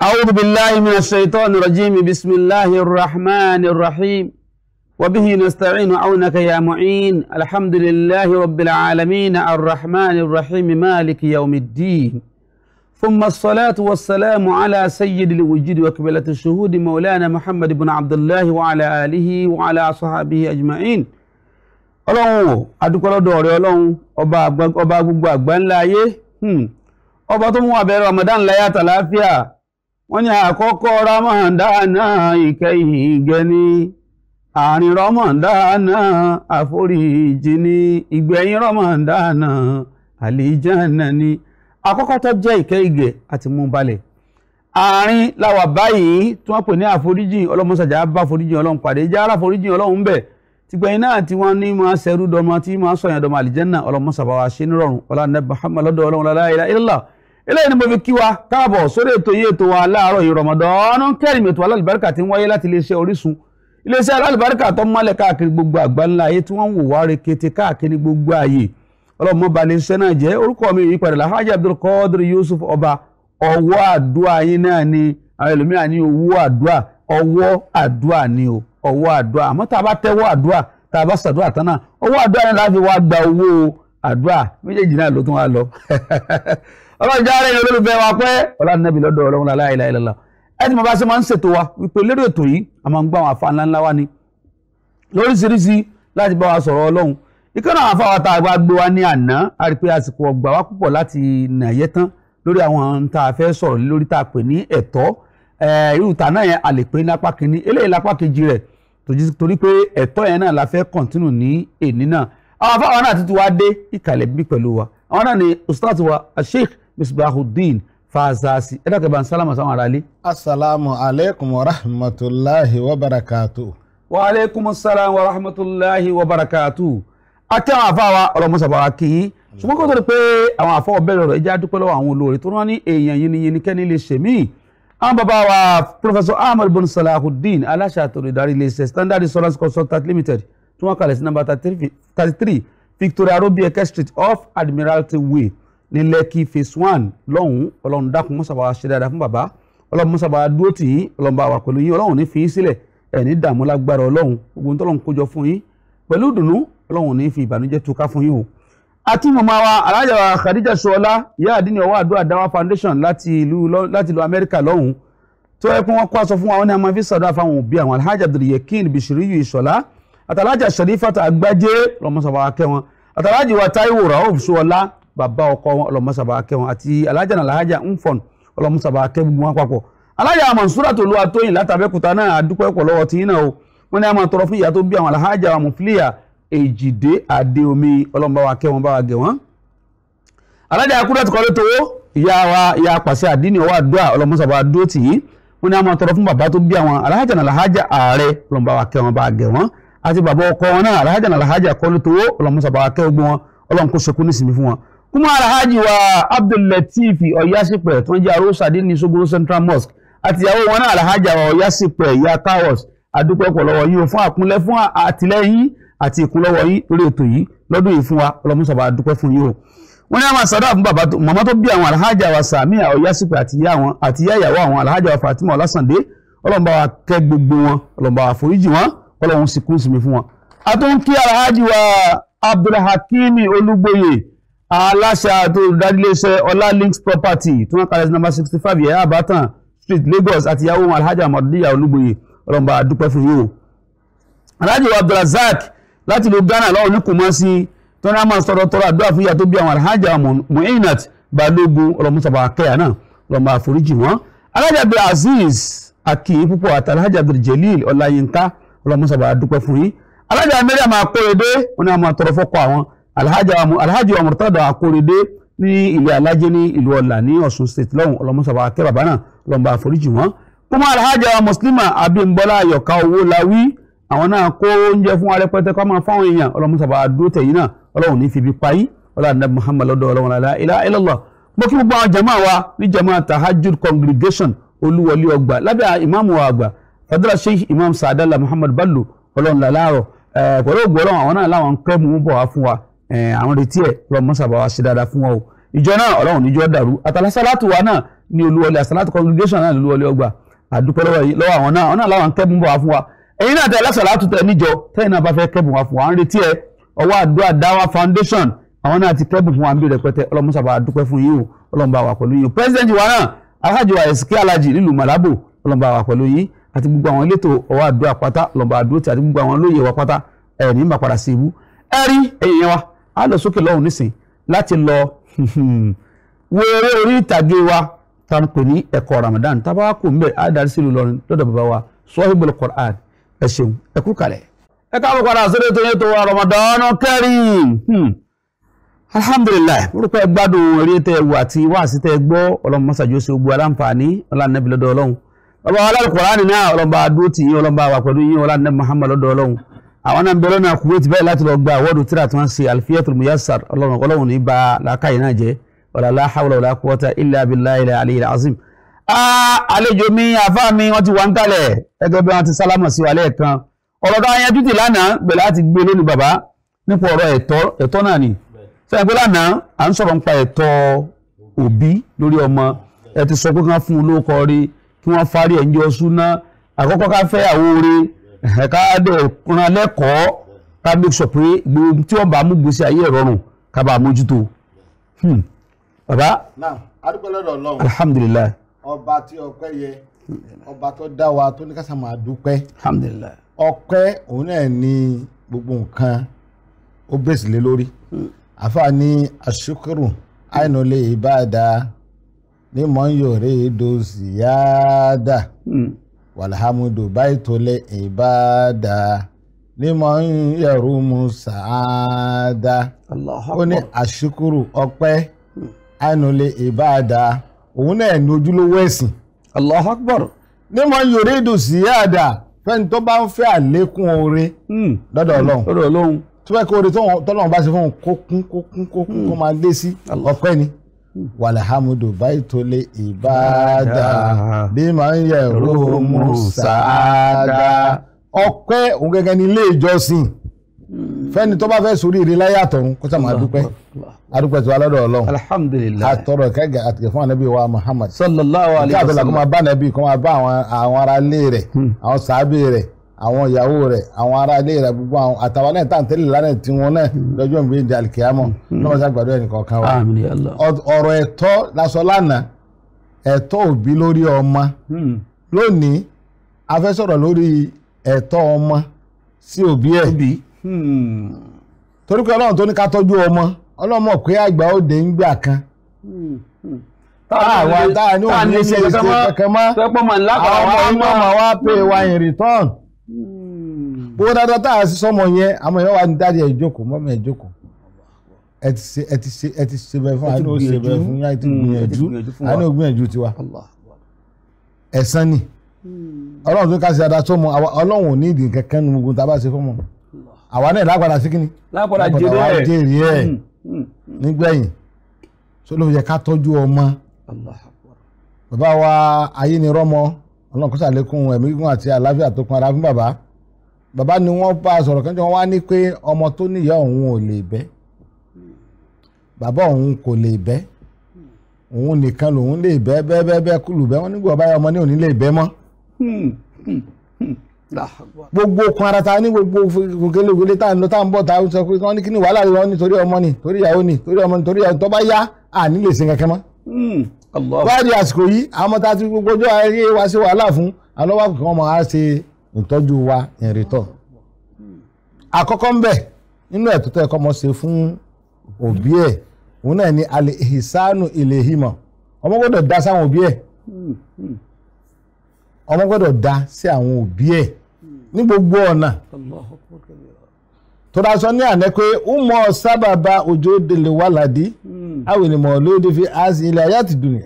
أعوذ بالله من الشيطان الرجيم بسم الله الرحمن الرحيم وبه نستعين عونك يا معين الحمد لله رب العالمين الرحمن الرحيم مالك يوم الدين ثم الصلاة والسلام على سيد الوجود وكبلة الشهود مولانا محمد بن عبد الله وعلى آله وعلى صحابه أجمعين أبا أبا أبا أبا أبا أبا أبا أبا أبا أبا أبا أبا أبا أبا tàlàáfíà wọ́n ní àkọ́kọ́ ramadana ìkẹyìn gẹni àárín ramadana àforíjì ni ìgbẹ̀yìn ramadana àlìjáná ni àkọ́kọ́ tó jẹ́ ìkẹyìgẹ̀ àti mú balẹ̀ àárín làwà báyìí tí wọ́n pè ní àforíjì ọlọ́mọsàjà bá àforíjì ọlọ́run pàdé já ara àforíjì ọlọ́run bẹ̀ tìgbẹ̀yìn náà tí wọ́n ní máa ṣẹrú dọmọ tí máa sọ̀yàn dọmọ àlìjáná ọlọ́mọsàbáwá ṣe nírọ̀rùn ọlá nẹ́bà hàmà lọ́dọ̀ ọlọ́run la ilaha eléyìí ni mo fi kí wa káàbọ̀ sórí ètò yìí ètò wa láàárọ̀ yìí Ramadan Kareem ètò alálùbáríkà tí ń wáyé láti iléeṣẹ́ Orísun iléeṣẹ́ alálùbáríkà tó mọ́lẹ̀ káàkiri gbogbo àgbáńlá ayé tí wọ́n ń wò wá rekete káàkiri gbogbo ayé ọlọ́mọ balẹ̀ iṣẹ́ náà jẹ́ orúkọ mi yìí padà Alhaji Abdul Qadir Yusuf ọba ọwọ́ àdúrà yín náà ni àwọn ẹlòmíràn ní owó àdúrà ọwọ́ àdúrà ni o ọwọ́ àdúrà àmọ́ tá a bá tẹ́wọ́ àdúrà tá a bá ṣàdúrà tán náà ọwọ́ àdúrà ni láti wá gba owó àdúrà méjèèjì náà ló tún wá lọ ọlọ́run já rẹ̀ olólùfẹ́ wa pẹ́ ọlọ́nàbí lọ́dọ̀ ọlọ́run la ilaha illallah ẹ ti mọ̀ bá ṣe máa ń ṣètò wa wípé lórí ètò yìí a máa ń gbọ́ àwọn afa ńlá ńlá wa ni lóríṣiríṣi láti bá wa sọ̀rọ̀ ọlọ́run ìkànnà àwọn afáwa tá a bá gbé wa ní àná a rí pé àsìkò ọgbà wa púpọ̀ láti nàyẹ́ tán lórí àwọn tá a fẹ́ sọ̀rọ̀ lórí tá a pè ní ẹ̀tọ́ irú ta náà yẹn a lè pè ní apá àwọn afáwa náà ti ti wá dé ìkàlẹ̀ bí pẹ̀lú wa àwọn náà ni ustaz wa asheikh misbahuddin fàzàsì ẹ dákẹ́ bá ń sálámà sáwọn ará ilé. asalaamu aleykum wa rahmatulahi wa barakatu. wa aleykum salaam wa rahmatulahi wa barakatu. àti àwọn àfáwa ọ̀rọ̀ mọ́sàbára kì í ṣùgbọ́n kó tó di pé àwọn àfọwọ́ bẹ̀rẹ̀ ọ̀rọ̀ ẹja dúpẹ́ lọ́wọ́ àwọn olóore tó rán ní èèyàn yiniyini kẹ́ni lè ṣe mí. àwọn bàbá wa professor ahmed bin salahuddin aláṣà àtòrò ìdarí iléeṣẹ́ standard insurance consultant limited tí wọ́n kalẹ̀ sí number thirty three victoria robieke street off admiralty way ní lẹ́kì phase one lọ́hùn ọlọ́run dákun mọ́sàbà wa ṣe dáadáa fún bàbá ọlọ́run mọ́sàbà wa dúró tì yín ọlọ́run bá wa pẹ̀lú yín ọlọ́run ní fi yín sílẹ̀ ẹ̀ ní dààmú lágbára ọlọ́run gbogbo nítorí ọlọ́run kójọ fún yín pẹ̀lú ìdùnnú ọlọ́run ní fi ìbànújẹ́ túká fún yín o. àti màmá wa alájà wa Khadija Ṣọlá ìyá àdínní ọwọ́ àdúrà dáwà foundation láti ìlú láti ìlú Amẹ́ríkà lọ́hùn tó yẹ pé wọ́n kó wa wọn ní a máa fi sàdúrà fáwọn òbí àwọn alhaji abdulyekin bishiriyu ìṣọ̀lá àtàlájà sharifat àgbájé lọ́mọ́sàbà wa kẹ́ wọn àtàlájì wa Táíwò bàbá ọkọ wọn ọlọmọsàbà akẹ́ wọn àti alájà náà alájà ń fọ̀n ọlọmọsàbà akẹ́ gbogbo wọn papọ̀ alájà Mansura tó lu atóyìn látàbẹ́kúta náà àdúpẹ́ pọ̀ lọ́wọ́ tí náà o wọ́n ní a máa tọrọ fún ìyá tó bí àwọn alájà wa mufiliya èjìdé adé omi ọlọmọbàwà akẹ́ wọn báwa gẹ̀ wọ́n alájà akúrẹ́ ti kọ́lé towó ìyá wa ìyá pàṣẹ àdínì ọwọ́ àdúrà ọlọmọsàbà dúró tì yìí wọ́n ní a fún wọn kuma alhaji wa abdullatifi ọyásípẹ tó ń jẹ arósàdé ní sogoro central mosque àtìyàwó wọn náà alhaji wa ọyásípẹ ìyá towers adúpẹ́ pọ̀lọ́wọ́ yín o fún àkúnlẹ̀ fún àtìlẹ́yìn àti ìkúnlọ́wọ́ yín lórí ètò yìí lọ́dún yìí fún wa ọlọ́mùsọ̀bà adúpẹ́ fún yín o wọ́n ní àwọn àsàdá fún bàbá màmá tó bí àwọn alhaji wa sàmíà ọyásípẹ àti ìyàwó àwọn alhaji fatima ọlásàndé ọlọ́mùbá wa kẹ́ gbogbo wọn ọlọ́mùbá wa foríjì wọn ọlọ́mùsìnkú sinmi fún wa abdulhakimi olúgbòye aláṣà àti olùdaríléeṣẹ́ ọlá links property tí wọ́n kalẹ̀ sí number sixty five yẹn Abatan street lagos àti ìyàwó wọn alhaji amadiya olúgbòye ọlọ́mọba àdúpẹ́ fún yìí o. alhaji abdulrasaq láti ìlú ghana lọ́wọ́ ní kùmọ́sí tournament tọrọ tọrọ àdúrà fún ìyá tó bí àwọn alhaji muinat balógun ọlọ́mọsọ̀bà akẹ́yà náà ọlọ́mọba àforíjì wọn. alhaji abdulaziz akin púpọ̀ àti alhaji abduljelil ọláyínká ọlọ́mọsọ̀bà àdúpẹ́ fún yìí. alhaji amẹ́rẹ́ alhaji wa murtada akorede ní ilé alájẹ ní ìlú ọ̀là ní ọ̀ṣun state lọ́hùn ọlọ́mọsàbà akẹ́bàbà náà lọ́nba àforíjì wọn. kúmọ́ alhaji wa muslima abimbola ayọ̀ká owó lawí àwọn náà kó oúnjẹ fún arẹpẹtẹ kọ́ máa fáwọn èèyàn ọlọ́mọsàbà adó tẹ̀yìn náà ọlọ́run ní fi bí payí ọlọ́run nàbí muhammad lọ́dọ̀ ọlọ́run alá ilá ilọ́lọ́ mo kí gbogbo àwọn jama wa ní jama tahajud congregation olúwọlé ọgbà lábẹ́ ìmáàmù wa àgbà fadúrà sheikh imam sadala muhammad bello náà láwọn ń kẹ́ mú bọ̀ wá fún wa Eh, àwọn retí ẹ̀ lọ́ọ́ mọ́sàbá wa ṣe dáadáa fún wọn o ìjọ náà ọlọ́run níjọ́ dàrú àtàlásálàtù wa náà ní olúwọlé àsálàtù congregation náà ní olúwọlé ọgbà àdúpẹ́ lọ́wọ́ àwọn náà ọ̀nà làwọn kẹ́bùn bọ̀ wá fún wa ẹ̀yin náà tẹ alásàlátù tẹ níjọ tẹ́yìn náà bá fẹ́ kẹ́bùn wá fún wa à retí ẹ ọwọ́ àdúrà dáwà foundation àwọn náà ti kẹ́bùn fún wa bí rẹpẹtẹ ọlọ́mọsàbà àdúpẹ́ fún yín o president wa náà alhaji wa ẹ̀sìkí alhaji nílùú malabo ọlọ́mọba wà pẹ̀lú yín àti gbogbo àwọn elétò ọwọ́ àdúrà pátá ọlọ́mọba àdúró ti àti gbogbo àwọn olóyè wa pátá ẹ̀rí mà padà sí ibú ẹ̀rí ẹ̀yìn yẹn wa á lọ sókè lọ́hùn nísìn láti lọ wo eré orí ìtàgé wa tá a pè ní ẹ̀kọ́ Ramadan tábà wá kò ń bẹ̀ á darí sílùú lọ́rin lọ́dọ̀ bàbá wa Sahibul Quran ẹ ṣeun ẹ kú kalẹ̀. ẹ káàbọ̀ padà sórí ètò ètò wa Ramadan Kareem hmm. alhamdulilayi mo rò gbádùn eré tẹ wò àti wáàsí tẹ gbọ́ ọlọ́mọ mọ́sàájú ṣe gbogbo aláǹfààní ọlọ́ọ̀nẹ́bí lọ́dọ̀ ọlọ́mọ alárùkọ̀ọ́rán náà ọlọ́mọ adó tì ọlọ́mọ àwà yín ọlọ́ọ̀nẹ́bí Muhammad lọ́dọ̀ àwọn náà ń bẹ̀rẹ̀ náà Kuwait báyìí láti lọ gba àwọ́dù tíra tí wọ́n ṣe alfiyatul muyassar ọlọ́run ọlọ́run ní ba làákàyè náà jẹ́ wala la hawla wala quwwata illa billahi al-aliyyil azim. àlejò mi àfa mi wọ́n ti wà ń kalẹ̀ ẹgbẹ́ bí wọ́n ti sálámà sí wa lẹ́ẹ̀kan ọ̀rọ̀ tó ayanjú ti lánàá bẹ̀rẹ̀ láti gbé lónìí bàbá nípa ọ̀rọ̀ ẹ̀tọ́ ẹ̀tọ́ náà ni sẹ́yìn pé lánàá à ń sọ̀rọ̀ nípa ẹ̀tọ́ òbí lórí ọmọ ẹ ti sọ pé kí wọ́n fún un rí kí wọ́n fárí ẹ̀ ń jọ súná àkọ́kọ́ ká fẹ́ àwo rí ẹ̀ka adé ọ̀kùnrin alẹ́kọ̀ọ́ ká make sure pé gbogbo tí wọ́n bá mú gbèsè ayé ìrọ̀rùn ká bá mójútó. Hmm. bàbá. náà adúpẹ́ lọ́dọ̀ alhamdulilayi. ọba tí ọpẹ́ yẹ ọba tó dá wa tó ní kásá máa dúpẹ́. alhamdulilayi. ọpẹ́ òun náà ní gbogbo nǹkan ó bẹ̀sì lé lórí. Hmm. àfa ní asukuru àìnulè ìbáàdà ní mọ́nyòrè dòsíyáàdà. Hmm. walhamdu baitule ibada liman yarumu saada ó ní àṣukuru ọpẹ́ ànulẹ ibada òun náà ní ojúlówó ẹ̀sìn. Allahu Akbar. liman yuridu ziyada fẹ́ni tó bá ń fẹ́ àlékún oore hmm. lọ́dọ̀ Ọlọ́run lọ́dọ̀ Ọlọ́run tó fẹ́ kí oore bá ṣe fún un kó kún kó kún kó hmm. máa sí ọpẹ́ ni. walhamdu baitole ibada bima yẹ romu saada ọpẹ́ òun gẹ́gẹ́ ní ilé ìjọsìn fẹ́ni tó bá fẹ́ sórí ire láyé àtọ̀run kó sàmà dúpẹ́ adúpẹ́ tó alọdọ Ọlọ́run alhamdulilayi àtọrọ kẹgẹ àtìkẹ fún anabi wa muhammad sallallahu alayhi wa sallam kí àtọlà kó máa bá anabi kó máa bá àwọn ará ilé rẹ̀ hmm. àwọn sàábé rẹ̀. àwọn ìyàwó rẹ̀ àwọn ará ilé gbogbo àwọn àtàwọn náà tàǹtẹ́lẹ̀ lánàá tí wọn náà lọ́jọ́ ìgbé ìdí alikiyamọ hmm. lọ́wọ́ sàgbàdo ẹnìkan kan wa ọ̀rọ̀ ẹ̀tọ́ lásọ lánàá ẹ̀tọ́ òbí lórí ọmọ hmm. lónìí lórí ọmọ sí òbí hmm. torí ọmọ pé àgbà ó dé ń gbà kan táwa táwa ní ṣe ìṣe kankan àwọn ọmọ gbogbo dáadáa tá a sì sọmọ yẹn àwọn èèyàn wà ní dáadé ẹ jókòó mọ́mí ẹ ẹ ti ṣe ẹ ti ṣe ẹ ti ṣe fún àánú gbìyànjú fún hmm, ti gbìyànjú tiwa ni hmm. ọlọ́run tó ọlọ́run ò ní ìdí kankan nu gbogbo àwa náà sí jèrè ẹ hmm, nígbẹ̀yìn wa ayé ni rọ́mọ ọlọ́run kó ṣàlékún ẹ̀mí gígùn àti àlàáfíà tó kún ara fún bàbá bàbá ni wọ́n bá a sọ̀rọ̀ kẹ́jọ́ wọn wá ní pé ọmọ tó níyà òun ò lè bẹ́ bàbá òun kò lè bẹ́ òun nìkan lòun lè bẹ́ bẹ́ bẹ́ bẹ́ kúlù bẹ́ wọ́n nígbà báyọ̀ ọmọ ní òní lè bẹ́ mọ́ gbogbo okun ara ta ní gbogbo gògélégòlé tá à ń lọ tá à ń bọ̀ tá à ń sọ pé wọ́n ní kí ni wàhálà lọ nítorí ọmọ ni torí ìyàwó ni torí ọmọ ni torí ìyàwó tó bá yá à ní lè ṣe kankan mọ́ wáàdì àsìkò yìí àwọn ọmọ tá a ti gbogbo ọjọ́ ayé wa ṣe wàhálà fún àwọn ọmọ kan máa ṣe ìtọ́jú wa ìrìntọ́ àkọ́kọ́ ń bẹ̀ nínú ẹ̀tọ́ tẹ́ ẹ̀kọ́ mọ́ ṣe fún òbí ẹ̀ òun náà ni alẹ́ ìsánù ilẹ̀ ìhìmọ̀ ọmọ gbọ́dọ̀ dá sáwọn òbí ẹ̀ ọmọ gbọ́dọ̀ dá sí àwọn òbí ẹ̀ ní gbogbo ọ̀nà tora sọ ní àná pé ọmọ sábàbà òjò délé wàládì àwọn ènìyàn lóde fi àásì ilẹ̀ ayé àti dunya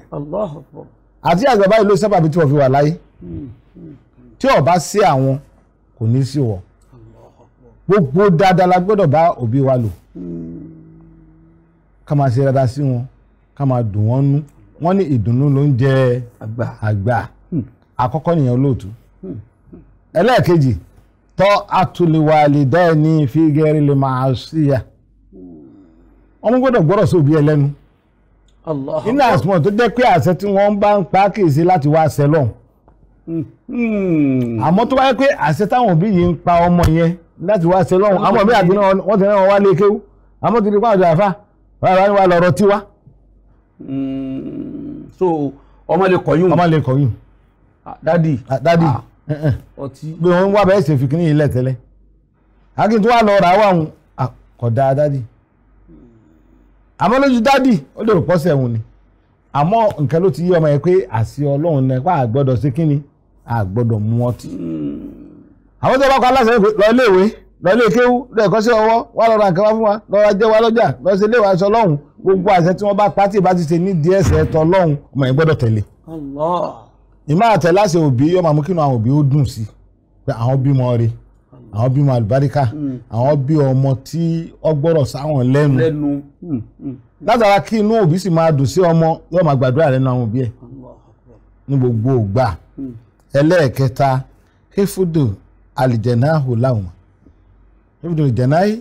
àti àgbàbá ìlú sábàbí tí wọ́n fi wà láyé hmm. tí ó bá sí àwọn kò ní sí wọ gbogbo dáadáa la gbọ́dọ̀ bá òbí wa lò hmm. ká máa ṣe dáadáa sí wọn ká máa dùn wọ́n nú wọ́n ní ìdùnnú ló ń jẹ àgbà hmm. àkọ́kọ́ nìyẹn olóòtú ẹlẹ́ẹ̀kejì. Hmm. ta'atu ni fi ghairi al-ma'asiyah ọmọ gbọ́dọ̀ gbọ́dọ̀ sí òbí ẹ lẹ́nu àsùnmọ̀ tó jẹ́ pé àṣẹ tí wọ́n bá ń pa kìí láti wá àṣẹ lọ́hùn hmm. àmọ́ tó bá ọmọ yẹn láti wá àṣẹ lọ́hùn àmọ́ bí ti rán wá lé kéwú àmọ́ ti di pa àjọ wa ni hmm. so ọmọ ọtí wọ́n ń wá ṣe fi kíní akin wà lọ rà wà wọn àkọ́dá dádì àmọ́ dádì ó lè rò pọ́sẹ̀ ni àmọ́ nǹkan ló ti yí ọmọ yẹn pé àṣì ọlọ́run náà pa àgbọ́dọ̀ ṣe kíni àgbọ́dọ̀ mu ọtí. àwọn tó bá kọ aláṣẹ lọ iléèwé lọ ilé kéwú lọ ẹ̀kọ́ sí ọwọ́ wà lọ́ra nǹkan wá fún wa lọ́ra jẹ́ wa lọ́jà lọ sí ọlọ́run gbogbo àṣẹ tí ìmọ̀ àtẹ láṣẹ òbí yóò máa mú kínú àwọn òbí ó dùn sí pé àwọn bímọ rẹ̀ àwọn bímọ àlùbáríkà àwọn bí ọmọ tí ó gbọ́rọ̀ sáwọn lẹ́nu hmm, hmm. látara kí inú òbí sì máa dùn sí ọmọ yóò máa gbàdúrà lẹ́nu àwọn òbí ẹ̀ ní gbogbo ògbà ẹlẹ́ẹ̀kẹta hefudu alìjẹ̀náhù láwùmá hefudu alìjẹ̀náhù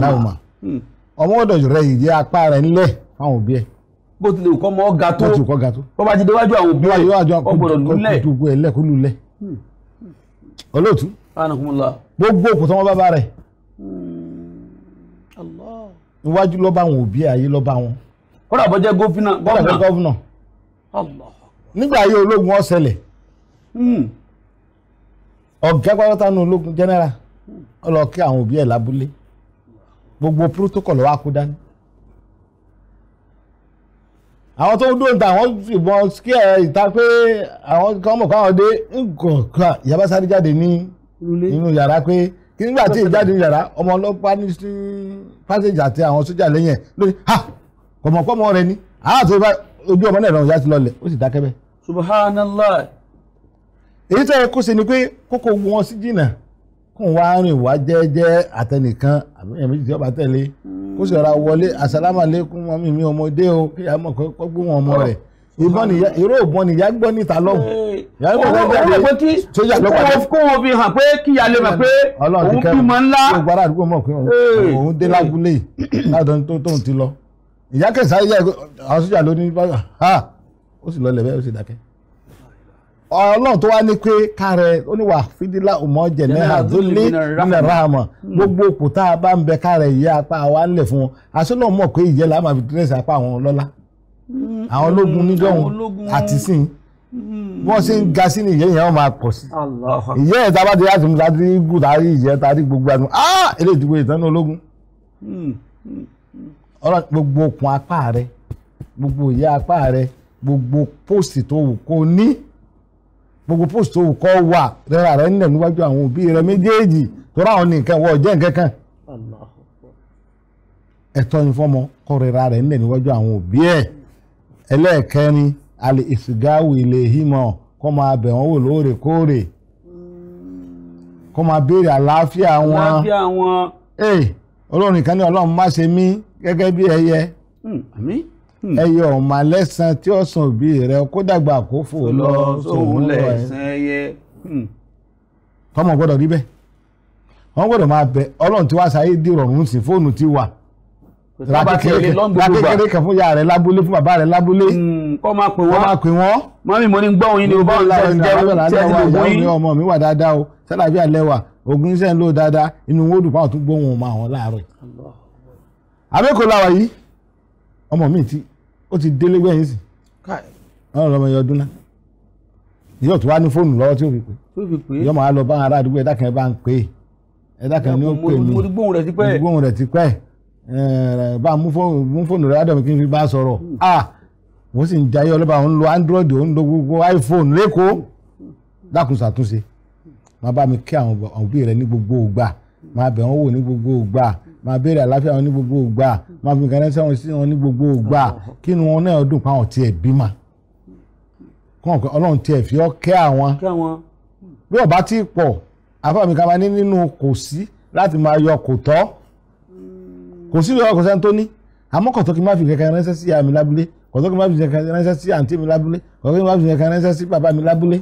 láwùmá hmm. ọmọ ọ̀dọ̀ rẹ̀ yìí apá rẹ̀ ńlẹ̀ fáwọn òbí ẹ̀ bó tilẹ̀ kọ́ mọ́ ga tó bó bá ti déwájú àwọn òbí rẹ̀ ọgbọ̀dọ̀ lulẹ̀. kó lulẹ̀ kó lulẹ̀ olóòtú gbogbo òkú tó wọn bàbá rẹ̀ níwájú hmm. ló bá àwọn òbí ayé ló bá wọn. kódà bó jẹ́ gómìnà gómìnà nígbà ayé ológun ó ṣẹlẹ̀ hmm. ọ̀gá pátá nu ológun general ó lọ kí àwọn òbí ẹ̀ lábúlé gbogbo protocol wa kú dání àwọn tó ń dúró ta àwọn ìbọn skíẹ ìta pé àwọn kan mọ̀ káwọn dé nǹkan ìyàbá sáré jáde ní inú yàrá pé kí nígbà tí ìjáde ní yàrá ọmọ ọlọ́pàá ní sí pásíjì àti àwọn sójà lẹ́yìn ẹ̀ lórí ha kọ̀mọ̀kọ́mọ rẹ ni àwọn àti ojú ọmọ náà ìrọ̀rùn yá ti lọlẹ̀ ó sì dákẹ́ bẹ́ẹ̀. subhanallah. èyí tẹ́ ẹ kó ṣe ni pé kókó wọn sí jìnnà kóun wá rìn wá jẹ́ẹ́jẹ́ àtẹnìkan àbí ẹ̀mí kó sì ra wọlé àsálàmà lẹ́kún mọ́mí mi ọmọdé o kí a mọ̀ kó gbé wọn ọmọ rẹ̀ ìbọn nìyá ìró ìbọn nìyá gbọ́ níta lọ́hùn. ìyá ìbọn nìyá gbọ́ níta lọ́hùn. sójà lọ́pàá kó o fi hàn pé kí ìyá lè mọ̀ pé òun bímọ ńlá. yóò gbára àdúgbò mọ̀ pé òun dé lágúlé látọ̀n tó tóun ti lọ. ìyá kẹsàn-án yẹ àwọn sójà ló ní bá ha ó sì lọ lẹ̀ bẹ́ẹ̀ ó sì dákẹ́ ọlọ́run tó wá ní pé kárẹ̀ oníwà fídílà ọmọ jẹ̀nẹ́ àdúlé nílẹ̀ ráàmọ̀ gbogbo òkúta bá ń bẹ kárẹ̀ ìyá apá wa ń lẹ̀ fún wọn àṣọlọ́ mọ̀ pé ìyẹ́ làá máa fi dírẹ́sì apá àwọn ọlọ́lá hmm. àwọn ológun níjọ́hun àti sìn wọ́n hmm. ṣe ń ga sí ni ìyẹ́ yẹn wọ́n máa pọ̀ sí ìyẹ́ yẹn tábàdé láti mú tàbí gùn tàbí ìyẹ́ tàbí gbogbo àdùn ah eré ìdìbò ìtàn ológun hmm. gbogbo okùn apá rẹ gbogbo ìyá apá rẹ gbogbo post tó kọ́ wà rẹ́ra rẹ̀ nílẹ̀ níwájú àwọn òbí rẹ̀ méjèèjì tó ráwọn ní nǹkan wọ́ọ̀ jẹ́ nǹkan kan ẹ̀tọ́ ni fọ́mọ kọ́ rẹ́ra rẹ̀ nílẹ̀ níwájú àwọn òbí ẹ̀ ẹlẹ́ẹ̀kẹrin alẹ́ ìsìgáwò ilé hímọ̀ kọ́ máa bẹ̀ wọ́n wò lóòrèkóòrè kọ́ máa béèrè àlàáfíà wọn àlàáfíà wọn ee ọlọ́run má ṣe mí gẹ́gẹ́ bí ẹyẹ. Hmm, Hmm. ẹyọ ọmọ lẹsan tí ó sàn bí rẹ kó dàgbà kó fò lọ sóhun ẹyẹ. Hmm. tọmọ gbọdọ rí wọn gbọdọ máa bẹ Ọlọ́run tí wàá sáyé sí fóònù tí wà ra kékeré kan fún ìyá rẹ lábúlé fún bàbá rẹ lábúlé. Hmm, kọ́ máa pè wọ́n. kọ́ máa pè wọ́n. mo gbọ́ ni o bá ń jẹun yín. ọmọ mi wà dáadáa o ọmọ mi ti ó ti délé gbẹ̀yìn sí ọ̀rọ̀ ọmọ yẹn ọdún náà yóò tún wá ní fóònù lọ́wọ́ tí ó fi pè é yóò máa lọ bá ara àdúgbò ẹ̀dá kan ẹ̀ bá ń pè é ẹ̀dá kan ní ó pè mí mo ti gbóhùn rẹ̀ tipẹ́ mo ti gbóhùn rẹ̀ tipẹ́ bá mú fóònù rẹ̀ ádọ̀mí kí n fi bá sọ̀rọ̀ ah hmm. mo sì ń jayé ọlọ́ba òun lo android òun lo gbogbo iphone lẹ́kọ̀ọ́ dákun ṣàtúnṣe máa bá mi kí àwọn òbí rẹ̀ ní gbogbo ògbà máa bẹ̀ wọ́n wò ní gbogbo ògbà Ma béèrè àlàáfíà wọn ní gbogbo ògbà máa fi nǹkan ránṣẹ́ wọn sí wọn ní gbogbo ògbà kí ni wọn náà dùn fáwọn tiẹ̀ bímọ kàn pé ọlọ́run tiẹ̀ fi ọ́ kẹ́ àwọn bí ọba ti pọ̀ àfàmì kan máa ní nínú kò sí láti máa yọ kò tọ́ kò sí ìyọkọ̀ sẹ́ni tó ní àmọ́ kọ̀tọ́ kí n má fi kankan ránṣẹ́ sí àmì lábúlé kọ̀tọ́ kí n má fi kankan ránṣẹ́ sí àǹtí mi lábúlé kọ̀tọ́ kí n má fi kankan ránṣẹ́ sí bàbá mi lábúlé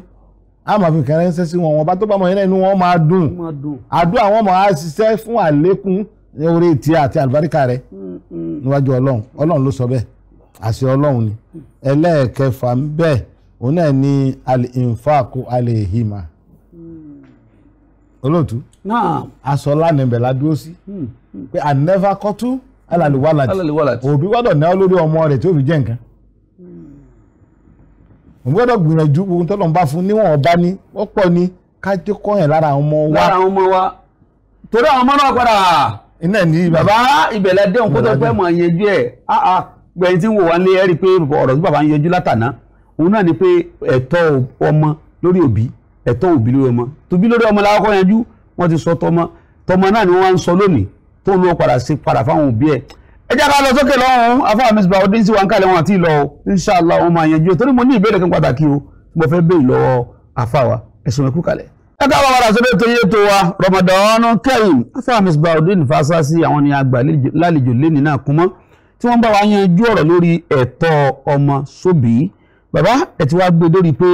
a máa fi kẹrẹ ń sí wọn wọn bá tó bá mọ̀ yẹn náà inú wọn máa dùn àdúrà wọn máa ṣiṣẹ́ fún àlékún orí ìtì àti àlùbáríkà rẹ mm, mm. níwájú ọlọ́run ọlọ́run ló sọ bẹ́ẹ̀ àṣẹ ọlọ́run ni ẹlẹ́ẹ̀kẹfà ń òun náà ni alìǹfààkù alìhìmà mm. olóòtú aṣọ lánàbẹ̀ la dúró sí pé ànẹ́fà kọ́tú alàlùwàlàjì òbí gbọ́dọ̀ náà lórí ọmọ rẹ̀ tí ó fi nǹkan òbí gbìyànjú ń bá fún ọba ni lára àwọn ọmọ wa torí àwọn ọmọ náà iná ní bàbá ìbẹ̀lẹ̀ dẹ́hùn kó tó fẹ́ mọ̀ yanjú ẹ̀ ah, ah, gbẹ̀yìn tí ń wò wá lé ẹ̀rí pé ọ̀rọ̀ tí bàbá ń yanjú látàná òun náà ni pé ẹ̀tọ́ ọmọ lórí òbí ẹ̀tọ́ òbí lórí ọmọ tóbi lórí ọmọ làwọn kọ́ yanjú wọ́n ti sọ tọmọ tọmọ náà ni wọ́n wá ń sọ lónìí tó ń lọ padà sí padà fáwọn òbí ẹ̀ ẹ jẹ́ ká lọ sókè lọ́hùn-ún afáà miss baudin sí wọn kálẹ̀ wọn àti ìlọ inshallah wọn máa yanjú torí mo ní ìbéèrè kan pàtàkì o mo fẹ́ béèrè lọ́wọ́ afáà wa ẹ̀sùn ẹ̀kú kalẹ̀ ẹ̀ka bá wàrà sóbẹ́ tó yé tó wa Ramadan Kareem afa Misbaudeen Fasasi àwọn ni àgbà lálejò lẹ́ni náà kúmọ́ tí wọ́n bá wa yanjú ọ̀rọ̀ lórí ẹ̀tọ́ ọmọ sóbì bàbá ẹ̀ ti wá gbé lórí pé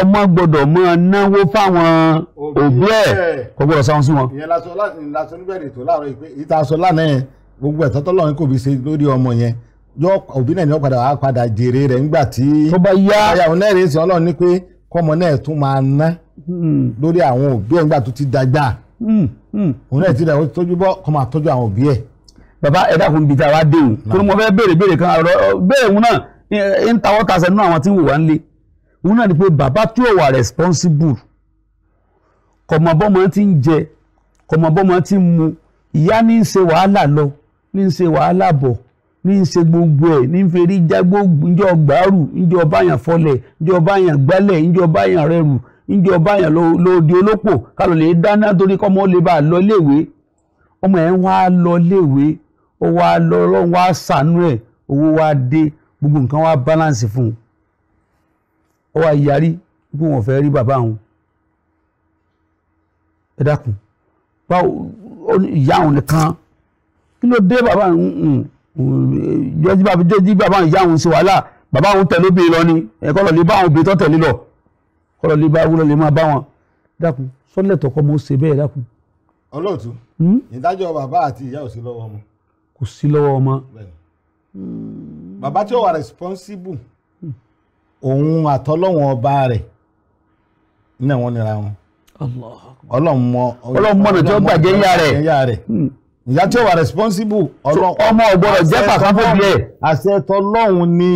ọmọ gbọ́dọ̀ máa náwó fáwọn òbí ẹ̀ kò gbọ́dọ̀ sáwọn sí wọn. ìyẹn lásán lásán níbẹ̀ lè tó láàárọ̀ ìpè ìtaṣọ lánàá yẹn gbogbo ẹ̀tọ́ tọ́lọ́run kò fi ṣe lórí ọmọ yẹn yọ òbí náà ni wọ́n padà wá padà jèrè rẹ̀ nígbà tí. tó bá yá ọ̀nà ẹ̀rẹ́sì ọlọ́run ní pé kọ́mọ náà tún máa ná lórí àwọn òbí ẹ̀ nígbà tó ti dàgbà hmm, hmm. òun náà ti dàgbà tó tójú bọ́ kó máa tọ́jú àwọn òbí ẹ̀. bàbá ẹ dákun bíi tí a wá dé o torí mo fẹ́ béèrè béèrè kan ọ̀rọ̀ béèrè òun náà ń tawọ́ tasẹ̀ nínú àwọn tí ń wò wá ń lé òun náà ni pé bàbá tí ò wà responsible kọ̀mọ̀bọ́mọ ti ń jẹ kọ̀mọ̀bọ́mọ ti ń mu ìyá ní ń ṣe wàhálà lọ ní ń ṣe wàhálà bọ̀ ní ń ṣe gbogbo ẹ̀ ní ń ferí já gbogbo ńjọ́ gbàrú ńjọ́ báyàn fọlẹ̀ ńjọ́ báyàn gbálẹ̀ ńjọ́ báyàn rẹrù níjọ báyàn lo di olópò kálọ̀ lè dáná torí kọ́mọ lè bá a lọ léèwé ọmọ ẹ̀ ń wá lọ léèwé ó wá lọ ọlọ́run wá sànú ẹ̀ owó wá dé gbogbo nǹkan wá balance fún un ó wá yarí kí wọn fẹ́ rí bàbá àwọn ẹ dákun báwo ìyá àwọn nìkan kí ló dé bàbá àwọn jọjí bàbá ìyá àwọn ṣe wàhálà bàbá àwọn tẹ̀lé obìnrin lọ ni ẹ̀kọ́ lọ lè bá àwọn obìnrin tó tẹ̀lé lọ kọ́lọ́ lè bá wúlọ́ lè máa bá wọn dákun sọ́lẹ̀ tọkọ mo ṣe bẹ́ẹ̀ dákun. ọlọ́ọ̀tún hmm? ìdájọ́ bàbá àti ìyá ò sí lọ́wọ́ ọmọ. kò sí lọ́wọ́ ọmọ. bàbá tí ó wà responsible òun àtọ́lọ́wọ̀n ọba rẹ̀ ní àwọn nira wọn. ọlọ́run mọ ọlọ́run mọ ọ̀nà tí ó gbàgbé yá rẹ̀ hmm. ìyá tí ó wà responsible ọlọ́run ọmọ ọgbọ́dọ̀ jẹ́ pàtàkì bí ẹ̀. àṣẹ tọlọ́run ni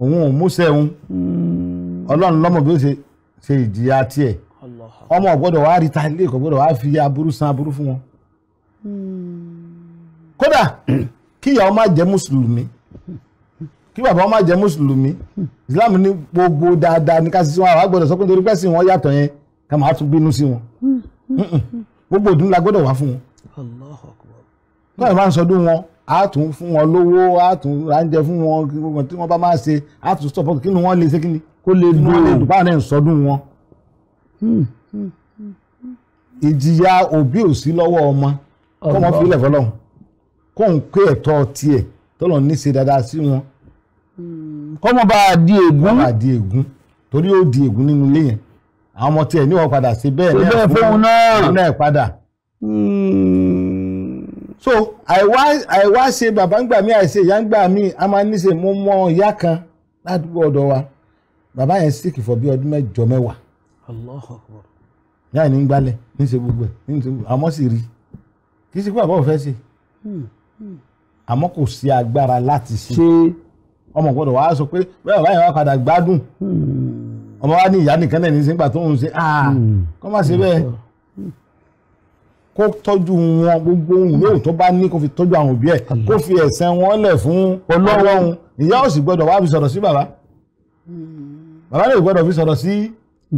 òun ò múṣẹ́ òun hmm. ọlọ́run lọ́mọ bí ó ṣe ṣe ìjìyà tiẹ̀ ọmọ ọ̀gbọ́dọ̀ wá rí ta ilé ìkọ̀ gbọ́dọ̀ wá fi aburú san aburú fún wọn. Hmm. kódà kíyà ọmọ jẹ́ mùsùlùmí kí bàbá ọmọ jẹ́ mùsùlùmí islam ní gbogbo dáadáa ní ká sí wọn àwọn àgbọ́dọ̀ sọ pé nítorí pẹ́sì wọn yàtọ̀ yẹn ká máa tún bínú sí wọn gbogbo òdùn la gbọ́dọ̀ wá fún wọn. kọ́ni máa ń sọdún wọn a tún fún wọn lówó a tún ránjẹ fún wọn tí wọ́n bá máa ṣe a tún sọ̀pọ̀ kí ni wọ́n lè ṣe kí ni kó lè dùn ó lè dùn báwọn náà ń sọdún wọn. Hmm. ìjìyà òbí ò sí lọ́wọ́ ọmọ kọ́mọ fílẹ̀ fọlọ́hún kóun pé ẹ̀tọ́ tiẹ̀ tọ́lọ̀ ní ṣe dáadáa sí wọn. Hmm. kọ́mọ bá a di ègún. kọ́mọ bá a di ègún torí ó di ègún nínú ilé yẹn àwọn ọmọ tiẹ̀ níwọ̀n padà sí bẹ́ẹ̀ náà fún un náà padà. Hmm. so àìwá àìwá ṣe bàbá ń gbà mí àìṣe ìyá ń gbà mí a máa ní ṣe mo mọ ìyá kan ládùúgbò ọ̀dọ̀ wa bàbá yẹn sick for bí ọdún mẹ́jọ mẹ́wàá. Allahu Akbar. yáà ní gbálẹ̀ ní ṣe gbogbo ẹ̀ ní ṣe gbogbo àmọ́ sì rí kì í ṣe pé bàbá ò fẹ́ ṣe hmm, hmm. àmọ́ kò sí agbára láti ṣe ọmọ gbọ́dọ̀ wàá sọ pé bẹ́ẹ̀ bàbá yẹn wá padà gbádùn hmm. ọmọ wa ní ìyá nìkan náà ní sínú pàtó òun ṣe ah kọ́ má ṣe bẹ́ẹ̀ kó tọ́jú wọn gbogbo ohun yóò tó bá ní kó fi tọ́jú àwọn òbí ẹ̀ kó fi ẹ̀sẹ̀ wọn lẹ̀ fún ọlọ́run ìyá ò sì gbọ́dọ̀ wá fi sọ̀rọ̀ sí bàbá. bàbá náà gbọ́dọ̀ fi sọ̀rọ̀ sí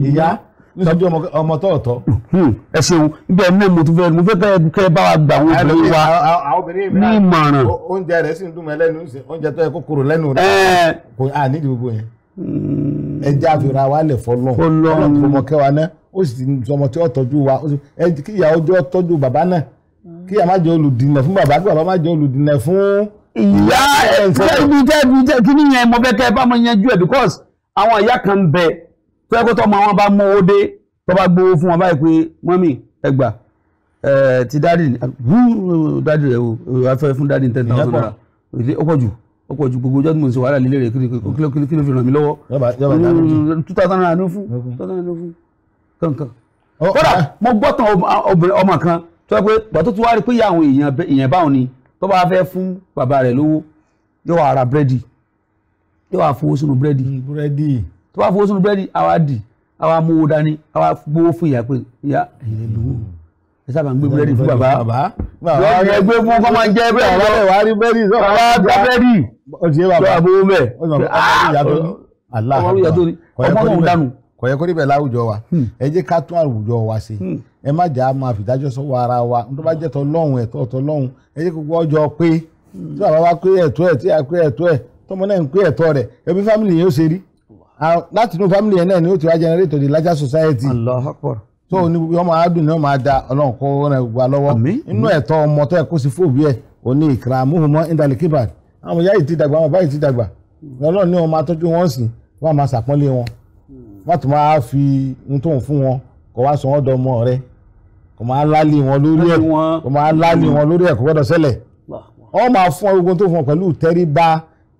ìyá nítorí mm-hmm. ọmọ tọ̀ọ̀tọ̀. Mm-hmm. ẹ ṣeun ibẹ̀ ní mo tún fẹ́ mo fẹ́ kẹ́ bá wa gbà o obìnrin wa ní ìmọ̀ràn. oúnjẹ rẹ̀ sì ń dùn mọ́ lẹ́nu oúnjẹ tó yẹ kó lẹ́nu kò à yẹn. Mm-hmm. ẹ jẹ́ àfihàn wa lẹ̀ fọlọ́ tó mọ náà ó sì tí ó tọ́jú wa kí náà kí ìyá má olùdìnnà fún bàbá kí bàbá má olùdìnnà fún. ìyá àwọn ìyá kan ń bẹ tó yẹ kó tọ́ ọmọ wọn bá mú owó dé tó bá gbowó fún wọn báyìí pé mọ́mì ẹgbà ti dádì dádì rẹ o afẹ́ fún dádì ten thousand naira ó pọ̀ jù ó pọ̀ jù gbogbo ọjọ́ tí mo ń ṣe wàhálà lílé rẹ̀ kí ló fi ràn mí lọ́wọ́ two thousand naira ló fún two thousand naira ló fún kankan. kódà mo gbọ́ tán ọmọ kan tó yẹ pé pàtó tó wá rí pé ìyá àwọn èèyàn báwọn ni tó bá fẹ́ fún bàbá rẹ̀ lówó yóò wá ara búrẹ́dì yóò wá fowó sínú búrẹ́dì. búrẹ́dì. tó bá fowó sínú búrẹ́dì àwa dì àwa mowó dání àwa gbowó fún ìyá pé ìyá ìyẹn lówó ẹ sábà ń gbé búrẹ́dì fún bàbá búrẹ́dì ẹgbẹ́ fún kọ́ máa ń jẹ́ búrẹ́dì lọ bàbá dá búrẹ́dì lọ́wọ́ bó mẹ́ ọmọ ìyá tó ní ọmọ òun dànù. kọ̀yẹ́ kó níbẹ̀ láwùjọ wa hmm. ẹ jẹ́ ká tún àwùjọ wa ṣe hmm. ẹ má jà á máa fìdájọ́ sọ́wọ́ ara wa n tó bá jẹ́ tọ́ lọ́hùn ẹ̀tọ́ tọ́ lọ́hùn ẹ jẹ́ kó gbọ́ ọjọ́ pé hmm. tí bàbá wa pé ẹ̀tọ́ ẹ̀ tí a pé ẹ̀tọ́ ẹ̀ tọmọ náà ń pé ẹ̀tọ́ rẹ̀ ẹbí family yẹn ó ṣe rí ah, láti inú family yẹn náà ni ó ti wá generate the larger society. Allahu Akbar. tó o ní ọmọ adùn ni ó máa da ọlọ́run kó rẹ̀ gbà lọ́wọ́ inú ẹ̀tọ́ ọmọ tó ẹ̀ kó sí fóòbí ẹ̀ ò ní ìkra amúhùnmọ́ indali kibad àwọn ìyá yìí ti dàgbà àwọn bàbá yìí ti dàgbà ọlọ́run ni wọ́n máa tọ́jú wọn sí wọ́n máa ṣàpọ́nlé wọn wọ́n tún máa fi ohun tó ń fún wọn kó wá sọ wọ́n dọmọ rẹ̀ kò máa lálé wọn lórí ẹ̀ kò máa lálé wọn lórí ẹ̀ kò gbọ́dọ̀ ṣẹlẹ̀ wọ́n máa fún ọ gbogbo tó fún ọ pẹ̀lú tẹríba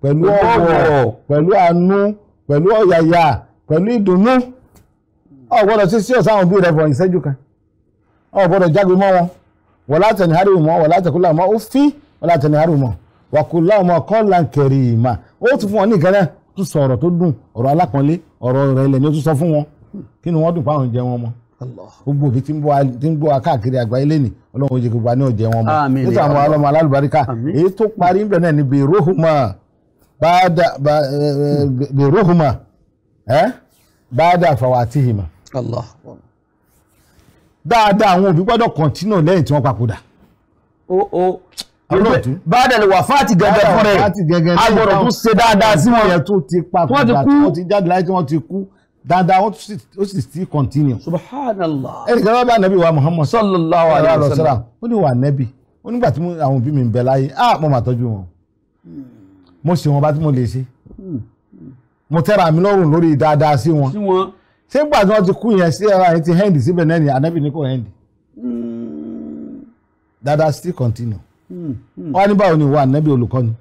pẹ̀lú ọ̀wọ̀ pẹ̀lú àánú pẹ̀lú ọ̀yàyà pẹ̀lú ìdùnnú o gbọ́dọ̀ sí sí ọ̀sán àwọn òbí rẹ̀ fọ̀ ìṣẹ́jú kan o gbọ́dọ̀ jágbe mọ́ wọn wala tanharu mọ́ wala taqul lahuma uffi wala tanharu mọ́ wa qul lahuma qawlan karima ó tún fún wọn ní ìkẹrẹ tún sọ ọ̀rọ̀ tó dùn ọ̀rọ̀ alápọ̀nlé ọ̀rọ̀ rẹ̀ ilẹ̀ ni ó tún sọ fún wọn kí ni wọ́n dùn fáwọn jẹ wọn mọ́ gbogbo òbí tí ń gbọ́ akáàkiri àgbáyé lẹ́nì ọlọ́run ó jẹ gbogbo àná ọ̀jẹ̀ wọn mọ́ nítorí àwọn ọlọ́mọ alálùbáríkà èyí tó parí ń bẹ̀ náà níbi ìróhùn mọ́ بعد ba, e, bi ruhuma eh? eh baada eh? fawatihima. Allah. dáadáa àwọn òbí gbọ́dọ̀ kọ̀ntínà lẹ́yìn tí wọ́n papòdà. o o baada lè wà fáàtì gẹ́gẹ́ fún rẹ̀ agbọ̀dọ̀ tún ṣe dáadáa sí wọn. wọ́n ti papòdà tí wọ́n ti jáde láyé tí wọ́n ti kú dáadáa wọ́n ó sì still continue. subhanallah. ẹnì kan bá nàbí wa muhammad. sallallahu alayhi wa sallam. ó ní wà nàbí ó nígbà tí àwọn òbí mi ń bẹ láyé ah mo mà tọ́jú wọn. Hmm mo ṣe wọn bá tí mo lè ṣe mo tẹ́ra mi lọ́rùn lórí dáadáa sí wọn ṣé nígbà tí wọ́n ti kú yẹn sí ẹ̀rọ yẹn ti hẹ́ndì síbẹ̀ náà ni ànábì ní kò still continue wọ́n á ní báwo ni ìwọ ànábì olùkọ́ni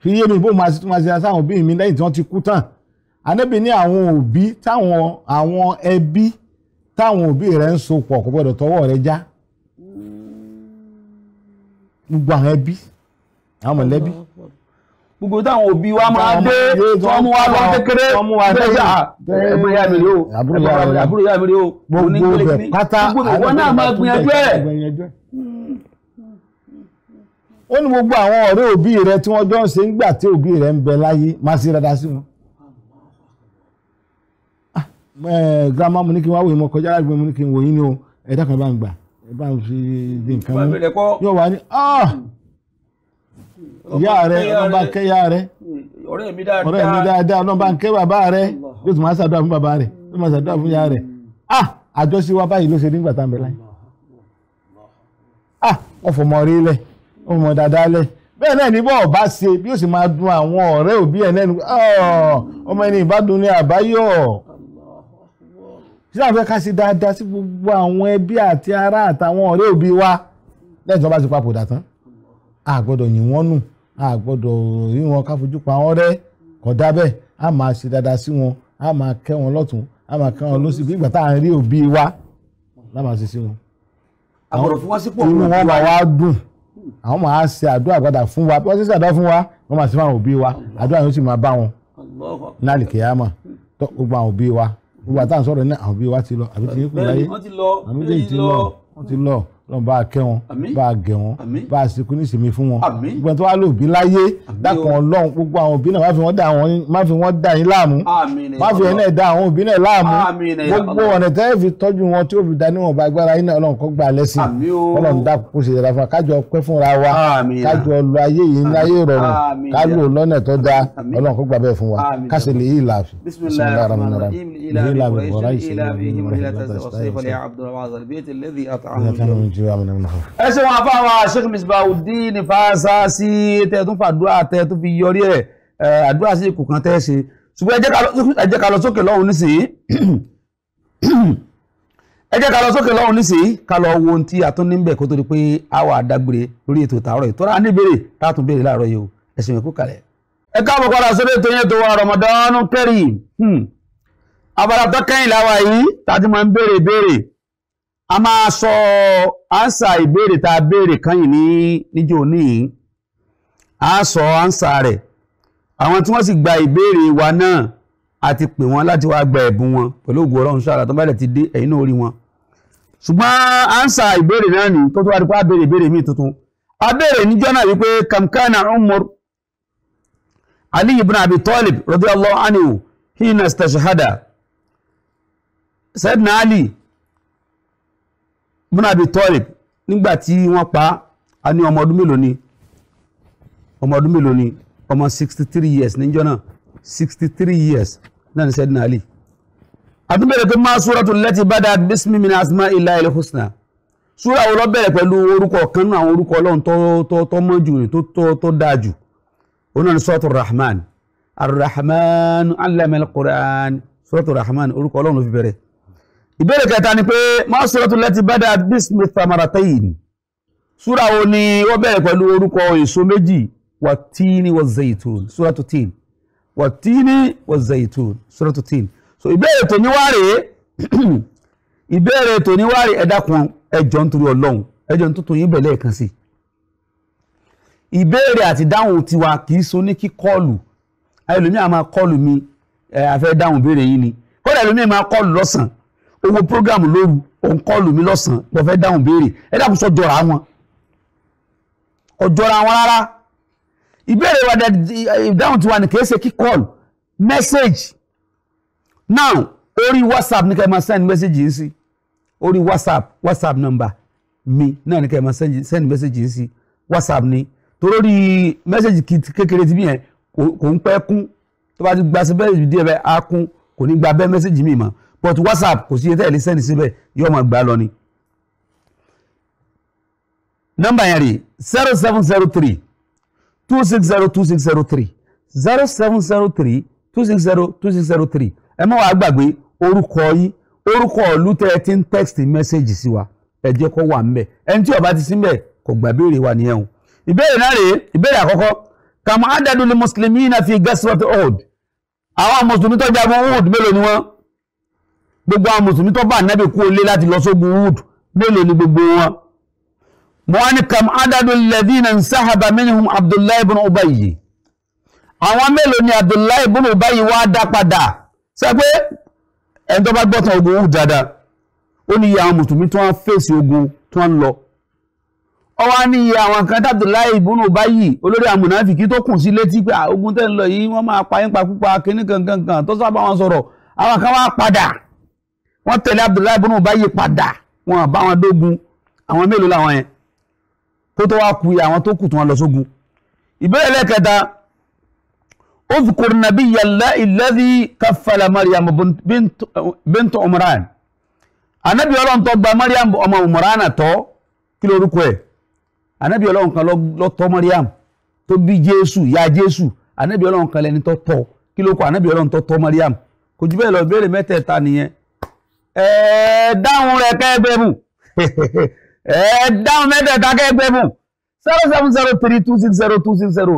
fi yé mi bó máa ṣe tó máa ṣe sáwọn òbí mi lẹ́yìn tí wọ́n ti kú tán ànábì ní àwọn òbí táwọn àwọn ẹbí táwọn òbí rẹ̀ ń so pọ̀ kò gbọ́dọ̀ tọwọ́ rẹ̀ já gbogbo àwọn ẹbí àwọn mọ̀lẹ́bí gbogbo táwọn òbí wa máa dé wọn mú wa lọ kékeré bẹ́ẹ̀ bóyá mi rí o àbúrò yá mi rí o gbogbo bẹ pátá gbogbo ìwọ náà máa gbìyànjú ẹ. ó ní gbogbo àwọn ọ̀rẹ́ òbí rẹ tí wọ́n jọ ń ṣe nígbà tí òbí rẹ ń bẹ láyé máa ṣe dáadáa sí wọn. Ah, grandma mo ní kí n wá wòye mọ kọjá láti gbé mo ní kí n wòye ni o ẹ̀dá kan bá ń gbà ẹ bá ń fi nǹkan mú yóò wá ní. Ah! ìyá rẹ ọlọ́run bá ń kẹ́ ìyá rẹ hmm, ọ̀rẹ́ mi dáadáa ọlọ́run bá ń kẹ́ bàbá rẹ yóò tún máa ṣàdúrà fún bàbá rẹ yóò hmm. máa ṣàdúrà fún ìyá rẹ hmm. ah àjọṣe wa báyìí ló ṣe nígbà tá à ń bẹ láyé ah ọ̀fọ̀ mọ̀ rí lẹ̀ ọ̀fọ̀ mọ̀ dáadáa lẹ̀ bẹ́ẹ̀ náà ní bọ́ ọ̀bá ṣe bí ó sì máa dùn àwọn ọ̀rẹ́ òbí ẹ̀ lẹ́nu ah, ọmọ ẹni ìbádùn ni àbáyọ̀ sílẹ̀ àfẹ́ ká ṣe dáadáa sí gbogbo àwọn ẹbí àti ará àtàwọn ọ̀rẹ́ òbí wa lẹ́yìn tí wọ́n bá ti papòdà tán a yìn wọ́n nù a gbọ́dọ̀ rí wọn ká fojú pa wọn rẹ́ kódà bẹ́ẹ̀ a máa ṣe dáadáa sí wọn a máa kẹ́ wọn lọ́tún a máa kẹ́ wọn lọ́sí bí ìgbà tá à ń rí òbí wa la máa ṣe sí wọn. àgbọ̀dọ̀ fún wa sípò òun inú wọn máa wá dùn àwọn máa ṣe àdúrà gbàdà fún wa bí wọ́n ṣe ṣàdúrà fún wa wọ́n máa ṣe fún àwọn òbí wa àdúrà yóò sì máa bá wọn ní àlìkèyàmọ̀ tó gbogbo àwọn òbí wa gbogbo àtàwọn sọ̀rọ̀ ní àwọn òbí wa ti lọ àbí ti yín kúrò láyé àbí ti lọ wọ́n ti lọ lọ́n bá kẹ́ wọn bá gẹ̀ wọn bá sìnkú ní ìsinmi fún wọn gbogbo tó wá lò bí láyé dákun ọlọ́run gbogbo àwọn òbí náà má fi wọ́n dà wọ́n má fi wọ́n dà yín láàmú má fi ẹ̀nà dà àwọn òbí náà láàmú gbogbo ọ̀nà tẹ́ fi tọ́jú wọn tí ó fi dání wọn bá agbára yín náà ọlọ́run kó gbà lẹ́sìn ọlọ́run dákun kó ṣe yẹra fún wa kájọ pẹ́ fúnra wa kájọ lọ ayé yìí láyé rọrùn kájọ lọ́nà tó dáa ọlọ́run kó gbà bẹ́ẹ̀ fún wa káṣe nàìjíríà mi náà. ẹ ṣe wọn afáwọn Sheikh Misbahudeen Fasasi tẹ tún fàdúrà tẹ tún fi yọrí ẹ àdúrà sí ikú kan tẹ ṣe ṣùgbọ́n ẹ jẹ́ ká lọ sókè lọ́hùn nísìnyí ẹ jẹ́ ká lọ sókè lọ́hùn nísìnyí ká lọ wo ohun tí a tún ní bẹ̀ kó tó di pé a wà dágbére lórí ètò ìtàárọ̀ yìí tó rà ní ìbéèrè láàárọ̀ yìí o ẹ ṣe mẹ́kú kalẹ̀. ẹ káàbọ̀ padà sórí ètò yẹn tó wà Ramadan Kareem hmm. abala tó kẹ́yìn láwa yìí tá a ti máa ń béèrè béèrè a máa sọ ánsà ìbéèrè tá a béèrè kányìn ní níjò ní a sọ ánsà rẹ̀ àwọn tí wọ́n sì gba ìbéèrè wa náà a ti pè wọ́n láti wá gba ẹ̀bùn wọn pẹ̀lú ògùn ọ̀rọ̀ ńṣọ́ tó bá ti dé ẹ̀yìn náà orí wọn ṣùgbọ́n ánsà ìbéèrè náà ní tó tó wá dípá béèrè ìbéèrè míì tuntun a béèrè níjọ́ wípé kamkana umar ali ibn abi talib radiyallahu anhu hina stashahada sayyidina ali ibùnà àbí tọ́ọ̀lìb nígbà tí wọ́n pa á ní ọmọ ọdún mélòó ni ọmọ ọdún mélòó ni ọmọ sixty three years níjọ́ náà sixty three years náà ní sẹ́dínà àlì àtún bẹ̀rẹ̀ pé máa súrọ́tù lẹ́tì bada bísmí min asma ilahi al-husna súra wo ló bẹ̀rẹ̀ pẹ̀lú orúkọ kan náà àwọn orúkọ ọlọ́run tó mọ́ jù ní tó dáa jù òun náà ní sọ́ọ̀tù rahman arrahman allama al-quran sọ́ọ̀tù rahman orúkọ ọlọ́run ló fi bẹ̀rẹ̀ ìbéèrè kẹta ni pé mọ́sílẹ́tù lẹ́ti bẹ́dà bísmì tamaratayin súra wo ni ó bẹ̀rẹ̀ pẹ̀lú orúkọ èso méjì wà tíní wà zaitun súratu tín wà tíní wà zaitun súratu tín so ìbéèrè tó níwáre ìbéèrè tó níwáre ẹ dákun ẹjọ́ nítorí ọlọ́run ẹjọ́ tuntun yín bẹ̀lẹ́ kan sí ìbéèrè àti dáhùn tiwa kì í so ní kíkọ́ọ̀lù ẹlòmíà máa kọ́ọ̀lù mi afẹ́ dáhùn ìbéèrè yín ni kódà ẹlòmíà máa kọ́ọ̀lù lọ́sàn-án owó program lóru òun kọ́ọ̀lù mi lọ́sàn-án lọ fẹ́ dáhùn béèrè ẹ dákun sọ jọra wọn ọjọra wọn rárá ìbéèrè wa ìdáhùn tiwa ni kìí ṣe kí call message now orí whatsapp ní kẹ́ send message yìí sí orí whatsapp whatsapp number mi náà ní kẹ́ máa send message yìí sí whatsapp ni torí orí message kékeré tí bí yẹn kò ń pẹ́ kún tó bá ti gba sí message díẹ̀ bẹ́ẹ̀ á kún kò ní gba bẹ́ẹ̀ message mi mọ́ but whatsapp kò sí etí ẹ̀ lè sẹ́ni síbẹ̀ yóò máa gbà lọ ni. nọ́mbà yẹn rí zero seven zero three two six zero two six zero three zero seven zero three two six zero two six zero three ẹ má wàá gbàgbé orúkọ yìí orúkọ ìlú ẹ ti ń text message sí wa ẹ jẹ́ kó wà ńbẹ̀ ẹni tí ó bá ti sí ńbẹ̀ kò gbà béèrè wa nìyẹn o ìbéèrè náà rèé ìbéèrè àkọ́kọ́ kàmú adadu li muslimina fi gaswati Uhud àwọn mùsùlùmí tó jagun Uhud mélòó ni wọ́n gbogbo àwọn mùsùlùmí tó bá ànábì kú olé láti lọ sógun wood mélòó ni gbogbo wọn. mo wá ní kam adadul ladhina sahaba minhum abdullahi ibn ubayyi àwọn mélòó ni abdullahi ibn ubayyi wá dá padà ṣe pé ẹni tó bá gbọ́tàn ogun wood dáadáa ó ní iye àwọn mùsùlùmí tó wọ́n fèsì ogun tó wọ́n lọ ọ wá ní iye àwọn kan tábdùláì ìbúnú báyìí olórí àmùnáfìkì tó kùn sí létí pé ah, ogun tẹ́ ń lọ yìí wọ́n máa pa yín pa púpa kínní kankan tó sábà wọn sọ̀rọ̀ àwọn kan wá padà wọ́n tẹ̀lé Abdullahi ibn Ubayy padà wọn bá wọn dógun àwọn mélòó làwọn yẹn kó tó wá ku àwọn tó kù tí wọ́n lọ sógun ìbéèrè lẹ́kẹta اذكر نبي الله الذي كفل مريم بنت بنت عمران anabi Ọlọ́run tó gba Mariam ọmọ Umran tọ́ kí lorúkọ ẹ̀ anabi Ọlọ́run kan ló tọ́ Mariam tó bí Jésù ya Jésù anabi Ọlọ́run kan lẹni tó tọ́ kí ló kọ anabi Ọlọ́run tó tọ́ Mariam kò jù bẹ́ẹ̀ lọ ìbéèrè mẹ́tẹ̀ẹ̀ta nìyẹn ẹ̀ẹ́dáhùn rẹ̀ kẹ́gbẹ̀mù ẹ̀ẹ́dáhùn mẹ́tẹ̀ẹ̀ta kẹ́gbẹ̀mù zero seven zero three two six zero two six zero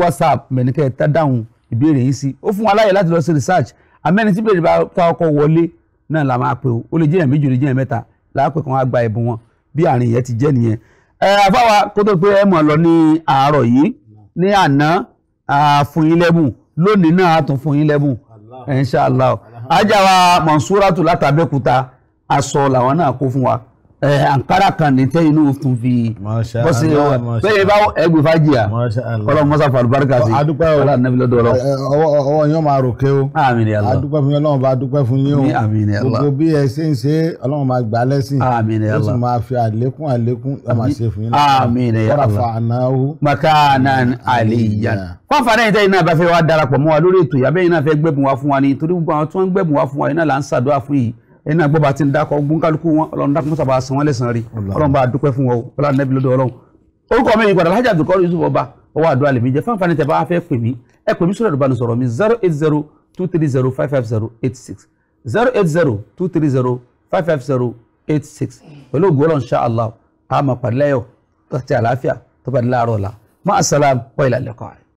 whatsapp mẹ́nìkẹ́ ẹ̀ta dáhùn ìbéèrè yìí sí ó fún wa láyè láti lọ sí research amẹ́ni tí bèrè bá ta ọkọ̀ wọlé náà la máa pe o ó lè jẹ́ èèyàn méjì ó lè jẹ́ èèyàn mẹ́ta láàpẹ̀ kan á gba ẹ̀bùn wọn bí àárín yẹn ti jẹ́ nìyẹn àfáwa kó tó pé ẹ mọ̀ lọ ní àárọ̀ yìí ní àná fún yín lẹ́bùn lónìí náà á tún lẹ́bùn inshallah ajáwa Mansuratu látàbẹ́kúta aṣọ làwọn náà kó fún wa Eh, ankara kan ní tẹ́yìn náà tún fi bọ́sí bẹ́ẹ̀ bá ẹgbẹ́ fàájìyà ọlọ́run mọ́sá falùbáríkà sí ọlá nàbí lọ́dọ̀ ọlọ́. Eh, eh, ọwọ́ yóò máa rò ké o adúpẹ́ fún yín ọlọ́run bá dúpẹ́ fún yín o gbogbo bí ẹ ṣe ń ṣe ọlọ́run máa gbà lẹ́sìn ó sì máa fi àlékún àlékún ẹ máa ṣe fún yín lọ́wọ́ kọ́ra fa ànáwó. makana aliyan fún àǹfààní ẹ̀yìn tẹ́yìn náà bá fẹ́ wá darapọ̀ mọ́ wa lórí ètò ìyàbẹ́yìn náà fẹ́ gbẹ̀bùn wa fún wa ni torí gbogbo àwọn tí wọ́n ń wa fún wa yìí là ń ṣàdúrà fún yìí ẹni àgbọ̀ bá ti ń dákọ̀ gbóńkálukú wọn ọlọ́run dákun sábà san wọn lẹ́sàn-án rí ọlọ́run bá dúpẹ́ fún wọn o ọlọ́run nẹ́bí lọ́dọ̀ ọlọ́run orúkọ mi ìpadà Alhaji Abdulkadir Yusuf Ọba ọwọ́ àdó àlèmí jẹ fáńfàní tẹ bá fẹ́ pè mí ẹ pè mí sórí ẹ̀rọ ìbánisọ̀rọ̀ mi zero eight zero two three zero five five zero eight six zero eight zero two three zero five five zero eight six pẹ̀lú ògùn ọlọ́run insha Allah àmọ̀ pàdé lẹ́yọ̀ tọ́tí àlàáfíà tó pàdé láàárọ̀ ọ̀la ma assalam wa ila liqa.